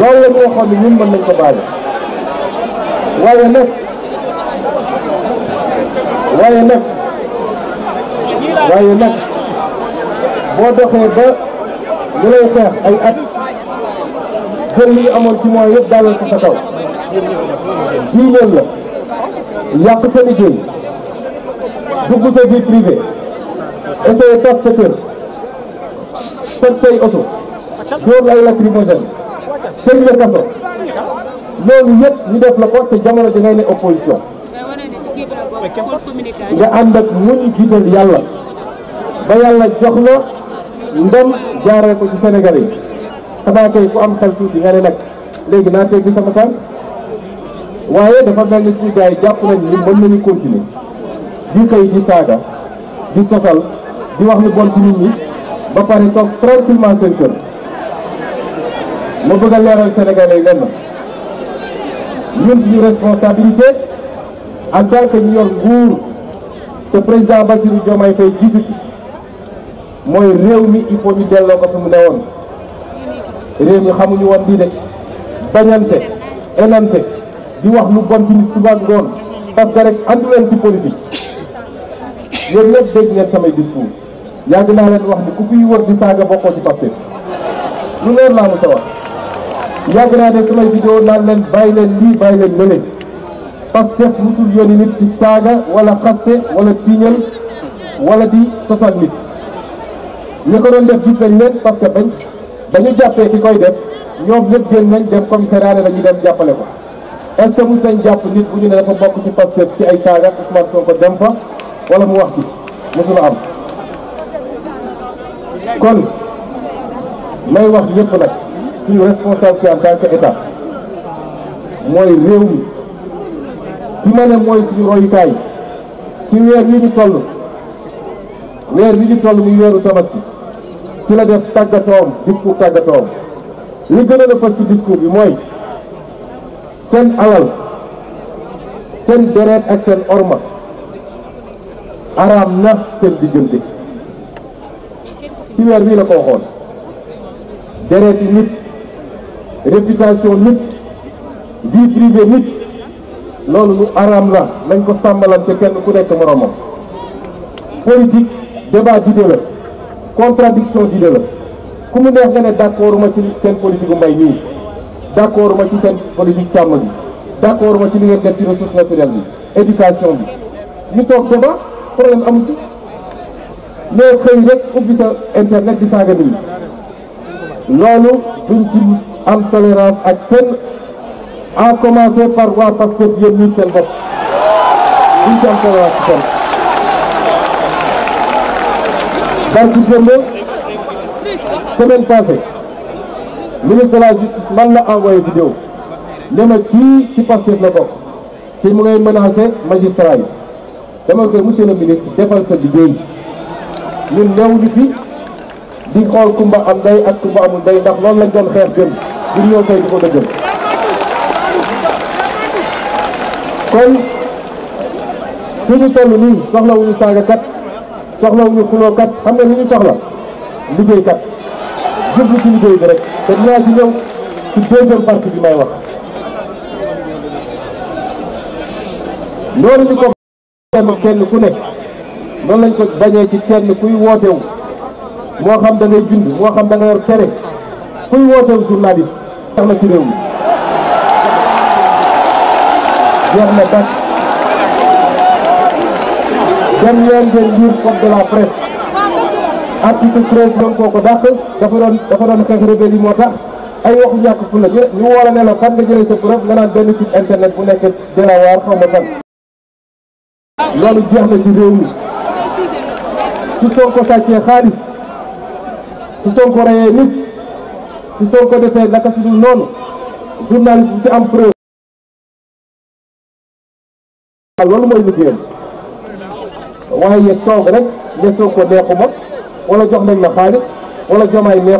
loolu la ñoo xam ne ñun mën nañ ko baale waaye nag waaye nag boo doxee ba ñu lay xeex ay at jël li ñu amoon ci mooy yëpp daalal ko sa kaw dii leen la yàq sa liggéey dugg sa vie privée essayer tas sa kër toj say oto dóor lay lacrymogène tëj la kaso loolu yëpp ñu def la ko te jamono ji ngay ne opposition nga ànd ak muñ jiital yàlla ba yàlla jox la ndam jaaree ko ci Sénégal yi xanaa tey ku am xel tuuti nga ne nag léegi naa teggi sama tànk waaye dafa mel ni suñu yi jàpp nañ ni mën nañu continuer di xëy di saaga di sosal di wax lu bon ci nit ñi ba pare toog tranquillement seen kër ma bëgg a leeral Sénégalais yi lenn ñun suñu responsabilité en tant que ñu yor nguur te président Bassirou Diomaye Faye jiitu ci mooy réew mi il faut ñu delloo ko fi mu newoon réew mi xamuñu woon lii de bañante enante di wax lu bon ci nit suba ngoon parce que rek andu leen ci politique yéen lépp dégg ngeen samay discours yàgg naa leen wax ni ku fiy wër di saaga bokkoo ci Pastef lu leer laa mu sa wax yàgg naa ne samay vidéo naan leen bàyyi leen lii bàyyi leen lële Pastef musul yónni nit ci saaga wala xaste wala tiiñal wala di sasal nit ñi ko doon def gis nañ leen parce que bañ dañu jàppee ki koy def ñoom ñëpp génn nañ dem commissariat ne dañuy dem jàppale ko est ce que mos nañ jàpp nit bu ñu ne dafa bokk ci Pastef ci ay saaga soo Sonko dem fa wala mu wax ci mosula am kon may wax ñëpp nag suñu responsabilité en tant que état mooy réew mi ci ma ne mooy suñu royukaay ci weer wi ñu toll weer wi ñu tollu muy weeru tabaski ci la def tàggatoom discours tàggatoom li gën a fas ci discours bi mooy seen alal seen deret ak seen orma araam na seen diggante ci weer bii la ko waxoon deret yi nit réputation nit vie privée nit loolu lu araam la nañ ko sàmmalante kenn ku nekk moroomam politique débat d'idée la contradiction d'idée la ku mu neex nga ne d'accord ma ci seen politique u mbay nii d'accord ma ci seen politique càmm bi d'accord ma ci li ngeen def ci ressource naturelle bi éducation bi ñu toog débat problème amu ci mais xëy rek ubbi sa internet di saaga nit loolu duñ ci am tolérance ak kenn à commencer par waa Pastef yéen ñii seen bopp duñ ci am tolérance kon barki démb semaine passée ministre la justice man la envoyé vidéo ne ma kii ci Pastef la bokk te mu ngay menacer magistrat dama koy monsieur le ministre defal sa liggéey ñun néew ñu fi di xool kumba am day ak kumba amul day ndax loolu lañ doon xeex jëm di ñëw tey di ko dëggal kon fi ñu toll nii soxlawuñu saagakat soxlawuñu xulookat xam nga li ñu soxla liggéeykat jublu ci liggéey bi rek te dinaa ci ñëw ci deuxième partie bi may wax loolu ñu ko kenn ku nekk noonu lañ ko bañee ci kenn kuy wootewu moo xam dangay ngay bind moo xam da nga yor tere kuy wooteel journaliste jeex na ci réew mi jeex na tak dem leen ngeen lire code de la presse article 13 ko moo tax ay waxu ñàkk fu la ñu ñu woo la ne la fan nga jëlee nekk Delaware jeex na ci réew sàccee xaalis su Sonko reyee nit su Sonko defee naka su dul noonu journaliste bi ci am preuve loolu mooy liggéeyam waaye toog rek ne Sonko neexuma wala jox nañ ma xaalis wala jomaay neex